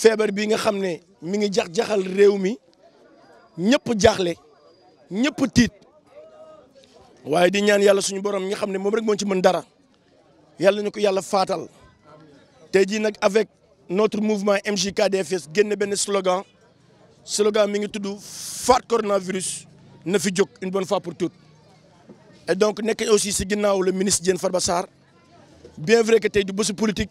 feebar bi nga xam ne mi ngi jax jaxal réew mi ñëpp jaaxle ñëpp tiit waaye di ñaan yàlla suñu borom nga xam ne moom rek moo ci mën dara yàlla ñu ko yàlla faatal tey jii nag avec notre mouvement MJKDFS génn benn slogan slogan mi ngi tudd faat coronavirus na fi jóg une bonne fois pour toutes et donc nekk aussi si ginnaaw le ministre Diène Farba Sarr bien vrai que tey du bésu politique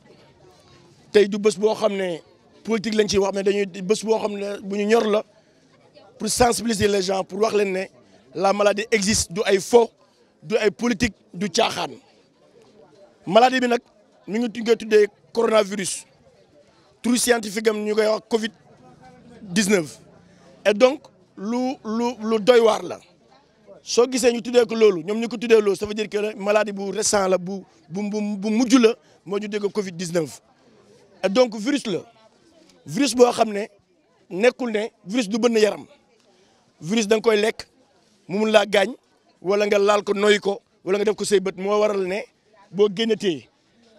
tey du bés boo xam ne. politique lañ ci wax ne dañuy bés boo xam ne bu ñu ñor la pour sensibiliser les gens pour wax leen ne la maladie existe du ay fo du ay politique du caaxaan maladie bi nag mi ngi koy tuddee coronavirus tur scientifique ñu koy wax Covid 19. et donc lu lu lu doy waar la soo gisee ñu tuddee ko loolu ñoom ñu ko tuddee loolu ça veut dire que maladie bu récent la bu bu bu mujj la moo ñu dégg Covid 19 et donc virus la. virus boo xam ne nekkul ne virus du bënn yaram virus da nga koy lekk mu mun laa gaañ wala nga laal ko noyyi ko wala nga def ko say bët moo waral ne boo génnatee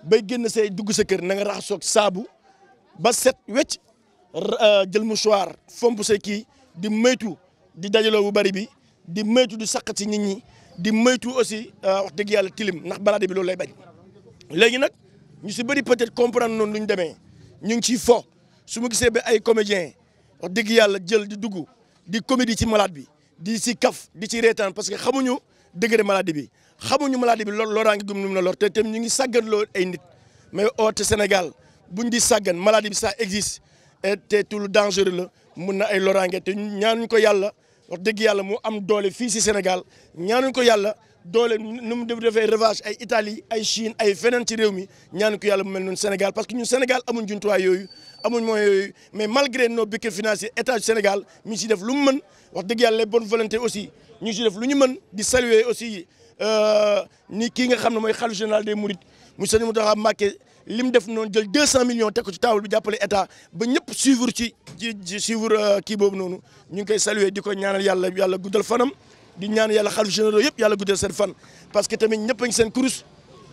bay génn say dugg sa kër na nga raxasoog saabu ba set wecc euh, jël mouchoir fomp sey kii di moytu di dajaloo bu bari bi di moytu di saq ci nit ñi di moytu aussi euh, wax dëgg yàlla tilim ndax balade bi loolu lay bañ léegi nag ñu si bëri peut-être comprendre noonu lu ñu demee ñu ngi ciy fo su ma gisee ba ay comédien wax dëgg yàlla jël di dugg di comédie ci malade bi di si kaf di ci reetaan parce que xamuñu degré maladie bi xamuñu maladie bi lor loraa ngi gum num na lor te tam ñu ngi sàgganloo ay nit mais oote Sénégal buñ di sàggan maladie bi ça existe et te tout le dangereux la mun na ay loraange te ñaanuñ ko yàlla wax dëgg yàlla mu am doole fii si Sénégal ñaanuñ ko yàlla doole nu mu defee ravage ay Italie ay Chine ay feneen ci réew mi ñaanuñ ko yàlla mu mel noonu parce que ñun Sénégal amuñ jumtuwaay yooyu amuñ mooy mais malgré nos béquilles financières état du Sénégal mi si def lu mu mën wax dëgg yàlla les bonnes aussi ñu si def lu ñu mën di saluer aussi euh, ni kii nga xam ne mooy xalifa général des Mourides mu sëñ Mountakha Mbacké li mu def noonu jël 200 millions teg ko ci table bi jàppale état ba ñëpp suivre ci ci suivre euh, kii boobu noonu ñu ngi koy saluer di ko ñaanal yàlla yàlla guddal fanam di ñaan yàlla xalifa généraux yëpp yàlla guddal seen fan parce que tamit ñëpp a ngi seen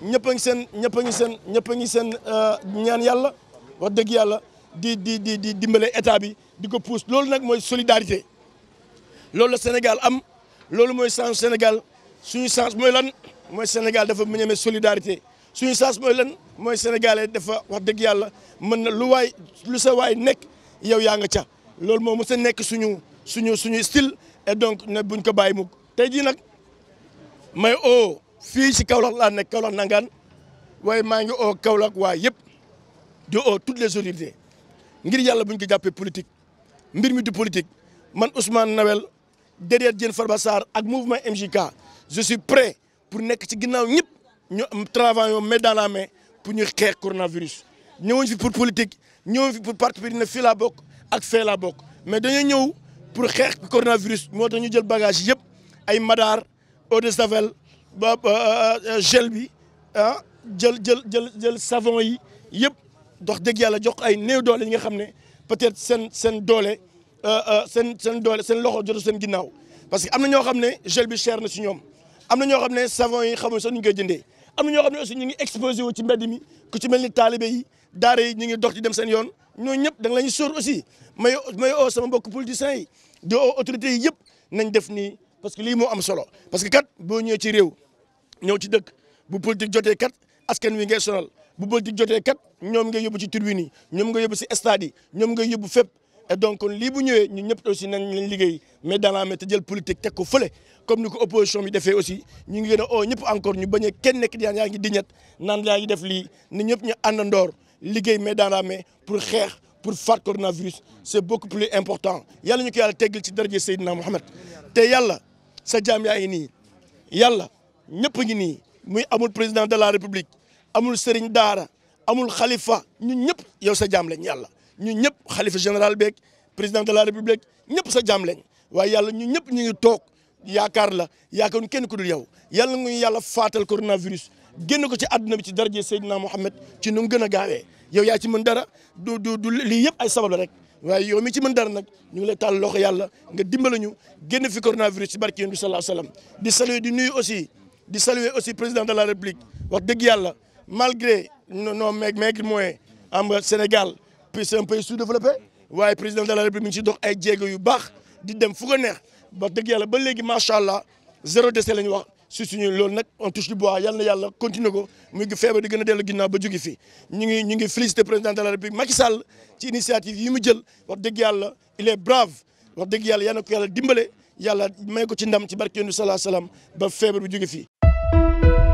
ñëpp a ngi seen ñëpp a seen ñëpp a ngi seen euh, ñaan yàlla wax dëgg yàlla di di di di dimbale état bi di ko pousse loolu nag mooy solidarité loolu la Sénégal am loolu mooy chance Sénégal suñu chance mooy lan mooy Sénégal dafa mu ñemee solidarité suñu chance mooy lan mooy sénégalais dafa wax dëgg yàlla mën na lu waay lu sa waay nekk yow yaa nga ca loolu moom mës a nekk suñu suñu suñu style et donc ne buñ ko bàyyi mukk tey jii nag may oo fii ci Kaolack laa nekk Kaolack nangaan waaye maa ngi oo Kaolack waa yëpp di oo toutes les autorités ngir yàlla ñu ko jàppee politique mbir mi du politique man Ousmane Nawel derrière Diène Farba Sarr ak mouvement MJK je suis prêt pour nekk ci ginnaaw ñëpp ñu am travaillons main dans la main pour ñu xeex coronavirus. ñëwoon fi pour politique ñëwoon fi pour parti bi dina fii laa bokk ak fee laa bokk mais dañuy ñëw pour xeex coronavirus moo tax ñu jël bagage yëpp ay madaar eau de javel ba euh, euh, gel bi ah jël jël jël jël savon yi yëpp. dox dëgg yàlla jox ay néew doole yi nga xam ne peut-être seen seen doole euh, euh, seen seen doole seen loxo jotu seen ginnaaw parce que am na ñoo xam ne gel cher na si ñoom am na ñoo xam ne savon yi xamuñ sax nu ñu koy jëndee am na ñoo xam ne aussi ñu ngi exposé wu ci mbedd mi ku ci mel ni taalibe yi daara yi ñu ngi dox di dem seen yoon ñooñu ñëpp da nga la ñu sóor aussi may o oo sama mbokk politiciens yi di oo autorités yi yëpp nañ def nii parce que lii moo am solo parce que kat boo ñëwee ci réew ñëw ci dëkk bu politique jotee kat askan wi ngay sonal bu politique jotee kat ñoom ngay yóbbu ci tribune ñoom ngay yóbbu si stade yi ñoom ngay yóbbu fépp et donc kon lii bu ñëwee ñun ñëpp aussi nañ leen liggéey mais dans la te jël politique teg ko fële comme ni ko opposition bi defee aussi ñu ngi gën a oo ñëpp encore ñu bañ a kenn nekk di yaa ngi di ñett naan yaa def lii ni ñëpp ñu àndandoor liggéey mais dans la pour xeex pour faat coronavirus c' est beaucoup plus important yalla ñu ko yàlla teggal ci daraja Seydina Mohamed te yàlla sa jaam yaa ngi nii yàlla ñëpp ngi nii muy amul président de la république amul sëriñ daara amul xalifa ñun ñëpp yow sa jaam lañ yàlla ñun ñëpp xalifa général beeg président de la république ñëpp sa jaam lañ waaye yàlla ñun ñëpp ñu ngi toog yaakaar la yaakaar ñu kenn ku dul yow yàlla nguñu yàlla faatal coronavirus génn ko ci àdduna bi ci daraje Seydina Mohamed ci nu mu gën a gaawee yow yaa ci mën dara du du du lii yëpp ay sabab la rek waaye yow mi ci mën dara nag ñu ngi lay tàll loxo yàlla nga dimbala ñu génn fi coronavirus ci barke yonent bi sallallahu alayhi wasallam di di nuyu aussi di saluer aussi président la république wax dëgg yàlla malgré nos maigres moyens am nga Sénégal puis c'est un pays sous-développé waaye président de la république ci dox ay jéego yu baax di dem fu ko neex ba dëgg yàlla ba léegi macha allah zéro décès la ñu wax si suñu loolu nag on touche du bois yal na yàlla continuer ko muy feebar di gën a dellu ginnaaw ba jóge fii ñu ngi ñu ngi félicité président de la république Macky Sall ci initiative yi mu jël wax dëgg yàlla il est brave wax dëgg yàlla yal na ko yàlla dimbale yàlla may ko ci ci barke Yonent bi salaa salaam ba feebar bi fii.